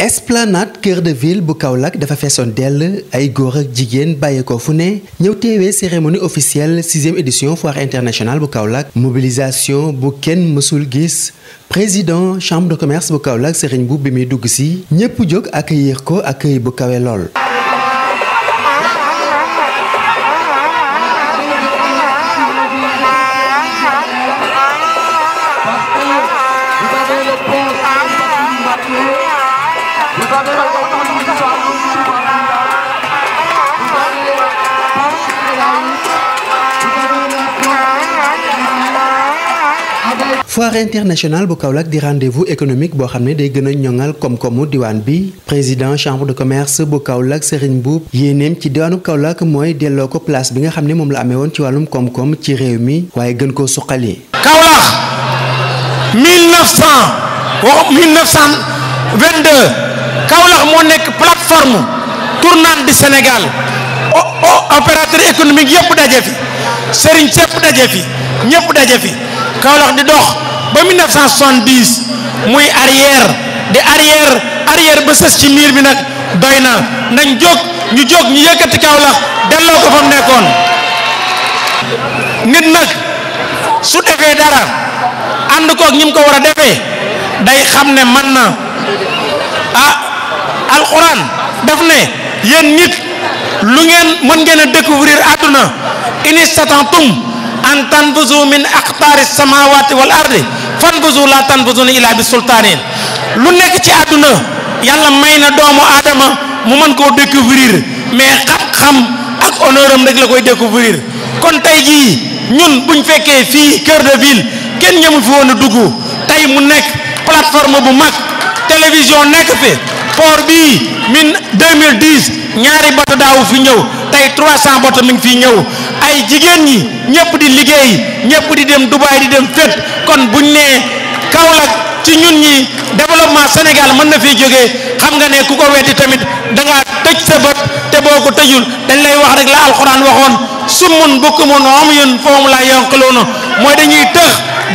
esplanade cœur de ville bu Kaolack dafa feesoon dell ay góor ak jigéen bàyyeekoo fu ne ñëw teewee cérémonie officielle sixième édition foire internationale bu Kaolack mobilisation bu kenn mësul gis président chambre de commerce bu Kaolack Serigne Mboup bi muy dugg si ñépp jóg accueillir ko ak accueil bu kawee lool foire internationale bu Kaolack di rendez-vous économique boo xam ne day gën a ñoŋal koom-koomu diwaan bi président chambre de commerce bu Kaolack Serigne Boub yéeneem ci diwaanu Kaolack mooy delloo ko place bi nga xam ne moom la amee woon ci wàllum koom-koom réew mi waaye gën koo suqali. Kaolack moo nekk plateforme tournante du Sénégal opérateur économique yëpp daje fi Serigne Sepp daje fi ñëpp daje fi Kaolack di dox. ba 1970 muy arrière di arrière arrière ba sës ci miir bi nag doy na nañ jóg ñu jóg ñu yëkkati Kaolack delloo ko fa mu nekkoon nit nag su defee dara ànd koog ñi mu ko war a defee day xam ne man na ah alxuraan daf ne yéen nit lu ngeen mën ngeen a découvrir àdduna inistatantum an tanfuzu min aqtaari samawati wal ardi fanfuzu la tanfuzuna illa bi sultaanin lu nekk ci àdduna yàlla may na doomu aadama mu mën koo découvrir mais xam-xam ak honneur am rek la koy découvrir kon tey jii ñun buñ fekkee fii cœur de ville kenn ñëmu fi woon a dugg tey mu nekk plateforme bu mag télévision nekk fi port bii min 2010 ñaari bato daawu fi ñëw tey 300 bato mi ngi fi ñëw waaye jigéen ñi ñëpp di liggéey ñëpp di dem Dubaay di dem fépp kon buñ nee Kaolack ci ñun ñi développement Sénégal mën na fi jógee xam nga ne ku ko weddi tamit da ngaa tëj sa bët te boo ko tëjul dañ lay wax rek la alxuraan waxoon summun bukmun umyun fahum laa yanqiluun mooy dañuy tëx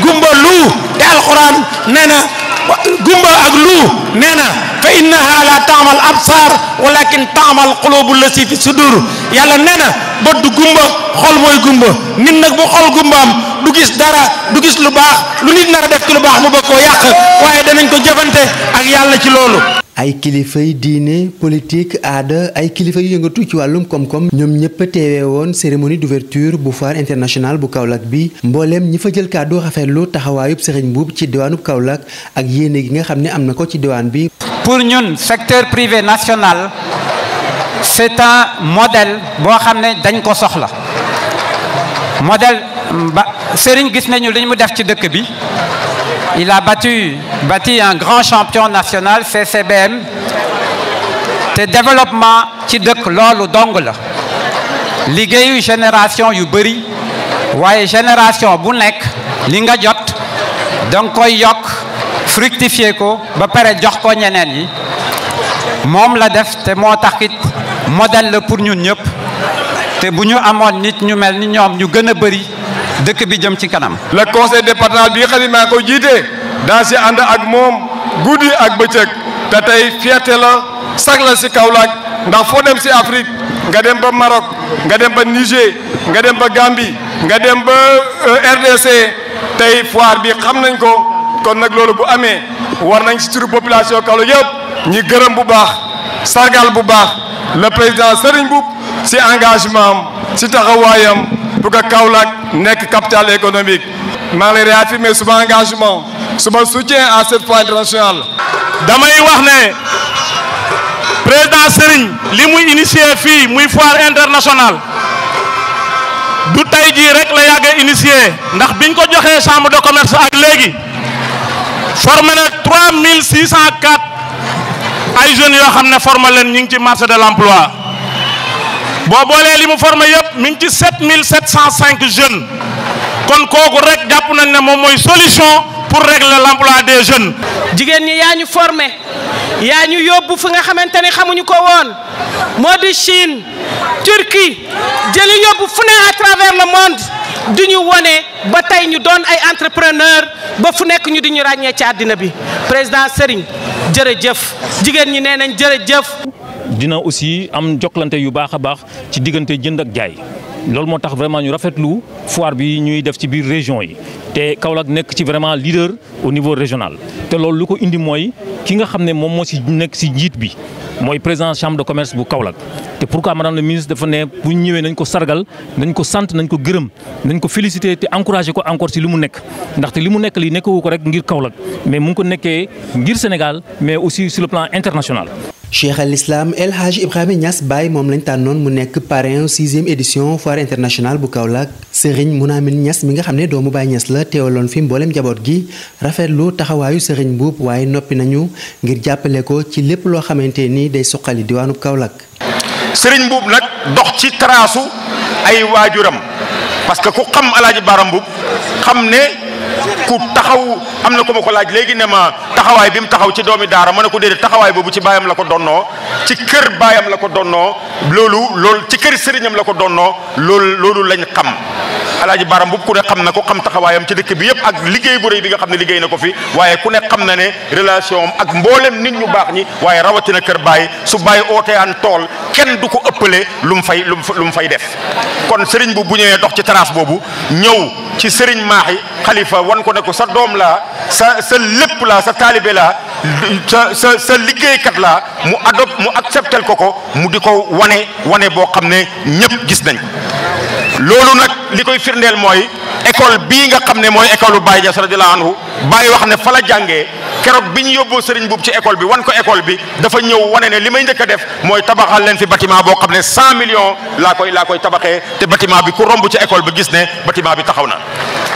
gumba lu te alxuraan nee na gumba ak lu nee na fa innaha la taamal absar walakin taamal qulubu lati fi sudur yàlla nee bët gumba xol mooy gumba nit nag bu xol gumbaam du gis dara du gis lu baax lu nit nar def ci lu baax mu bëgg koo yàq waaye danañ ko jëfante ak yàlla ci loolu. ay kilifay diine politique aada ay kilifa yu yëngatu ci wàllum koom-koom ñoom ñëpp a teewee woon cérémonie d'ouverture bu foire internationale bu Kaolack bi mbooleem ñi fa jël kàddu rafetlu taxawaayub Serigne Mboup ci diwaanub Kaolack ak yéene gi nga xam ni am na ko ci diwaan bi. pour ñun secteur privé c'est un modèle boo xam ne dañ ko soxla modèle ba Serigne gis nañu li mu def ci dëkk bi il a battu bâti un grand champion national CCBM te développement ci dëkk loolu dong la liggéeyu génération yu bëri waaye génération bu nekk li nga jot danga koy yokk fructifier ko ba pare jox ko ñeneen yi moom la def te moo taxit modèle la pour ñun ñëpp te bu ñu amoon nit ñu mel ni ñoom ñu gën a bëri dëkk bi jëm ci kanam. la conseil départemental bi nga xam ne maa koy jiite daa si ànd ak moom guddi ak bëccëg te tey fierté la sag la si Kaolack ndax foo dem si Afrique nga dem ba Maroc nga dem ba Niger nga dem ba Gambie nga dem ba euh, RDC tey foire bi xam nañ ko kon nag loolu bu amee war nañ si turu population Kaolack yëpp. ñi gërëm bu baax sargal bu baax le président sëriñ Mboup si engagement am si taxawaayam pour que Kaolack nekk capitale économique maa ngi lay réaffirmer suma engagement suma soutien à cette foire internationale damay wax ne président Serigne li muy initié fii muy foire internationale du tey jii rek la yàgg initié ndax biñ ko joxee chambre de commerce ak léegi formé na 3604 ay jeunes yoo xam ne forme leen ñu ngi ci marché de l'emploi boo boolee li mu former yëpp mi ngi ci sept mille sept cent cinq jeunes kon kooku rek jàpp nañ ne moom mooy solution pour régler l'emploi des jeunes. jigéen ñi yaa ñu former yaa ñu yóbbu fi nga xamante ni xamuñu ko woon moo di Chine Turquie jëli yóbbu fu ne à travers le monde du ñu wone ba tey ñu doon ay entrepreneur ba fu nekk ñu di ñu ràññee ci àddina bi président Serigne. jërëjëf jigéen ñi nee nañ jërëjëf. dina aussi am joklante yu baax a baax ci diggante jënd ak jaay. loolu moo tax vraiment ñu rafetlu foire bi ñuy def ci biir région yi te Kaolack nekk ci vraiment leader au niveau régional te loolu lu ko indi mooy ki nga xam ne moom moo si nekk si njiit bi mooy président chambre de commerce bu Kaolack te pourquoi madame le ministre dafa ne bu ñëwee nañ ko sargal nañ ko sant nañ ko gërëm nañ ko féliciter te encourager ko encore si li mu nekk ndaxte li mu nekk li nekkawu ko rek ngir Kaolack mais mu ngi ko nekkee ngir Sénégal mais aussi sur le plan international cheikh al islam El Hadj Ibrahima moom lañ tànnoon mu nekk parrain sixième édition foire internationale bu Kaolack Serigne Mounamin Niass mi nga xam ne doomu Baye Niass la teewaloon fi mboolem njaboot gi rafetlu taxawaayu Serigne Mboup waaye noppi nañu ngir jàppale ko ci lépp loo xamante ni day suqali diwaanu Kaolack. Serigne Mboup nag dox ci traasu ay waajuram parce ku xam El Hadj Bara xam ne. ku taxaw am na ko ma ko laaj léegi ne ma taxawaay bi mu taxaw ci doomi daara ma ne ko déedéet taxawaay boobu ci baayam la ko donnoo ci kër baayam la ko donnoo loolu lool ci kër sëriñam la ko donnoo loolu loolu lañ xam alaaji baram bu ku ne xam na ko xam taxawaayam ci dëkk bi yëpp ak liggéey bu rëy bi nga xam ne liggéey na ko fi waaye ku ne xam na ne relation am ak mboolem nit ñu baax ñi waaye rawatina kër baay su bàyyi ootee an tool kenn du ko ëppale lu mu fay lu mu fay def kon sëriñ bu bu ñëwee dox ci terrasse boobu ñëw ci sëriñ maaxi xalifa wan ko ne ko sa doom laa sa sa lépp laa sa taalibe la sa sa sa liggéeykat laa mu adop mu acceptel ko ko mu di ko wane wane boo xam ne ñëpp gis nañ loolu nag li koy firndeel mooy école bii nga xam ne mooy école Baye Niass radiyallahu anhu Baye wax ne fala la jàngee keroog bi ñu yóbboo Serigne Boub ci école bi wan ko école bi dafa ñëw wane ne li may njëkk a def mooy tabaxal leen fi bâtiment boo xam ne 100 millions laa koy laa koy tabaxee te bâtiment bi ku romb ci école bi gis ne bâtiment bi taxaw na.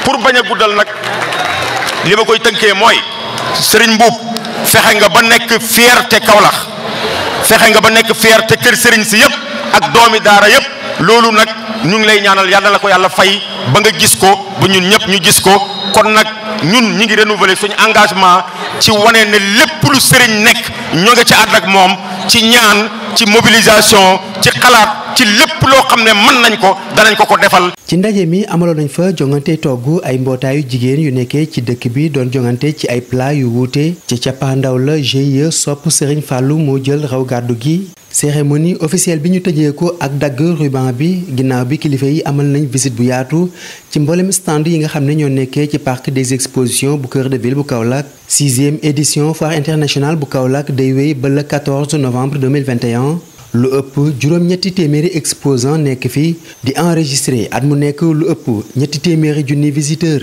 pour bañ a guddal nag li ma koy tënkee mooy Serigne Boub fexe nga ba nekk te Kaolack fexe nga ba nekk fierté kër Serigne si yëpp ak doomi daara yëpp loolu nag. ñu ngi lay ñaanal yàlla la ko yàlla fay ba nga gis ko ba ñun ñëpp ñu gis ko kon nag ñun ñi ngi renouveler suñu engagement ci wane ne lépp lu sëriñ nekk ñoo nga ci ànd ak moom ci ñaan ci mobilisation ci xalaat. ci lépp loo xam ne mën nañ ko danañ ko ko defal. ci ndaje mi amaloon nañ fa jongante togg ay mbootaayu jigéen yu nekkee ci dëkk bi doon jongante ci ay plat yu wuute ci cappaandaw la GIE sopp Serigne fàllu moo jël raw gàddu gi. cérémonie officielle bi ñu tëjee ko ak dagg ruban bi ginnaaw bi kilifa yi amal nañ visite bu yaatu ci mboolem stand yi nga xam ne ñoo nekkee ci parc des expositions bu kër de ville bu Kaolack sixième édition foire internationale bu Kaolack day wéy ba le 14 novembre 2021 lu ëpp juróom-ñetti téeméeri exposant nekk fi di enregistré at mu nekk lu ëpp ñetti téeméeri junni visiteur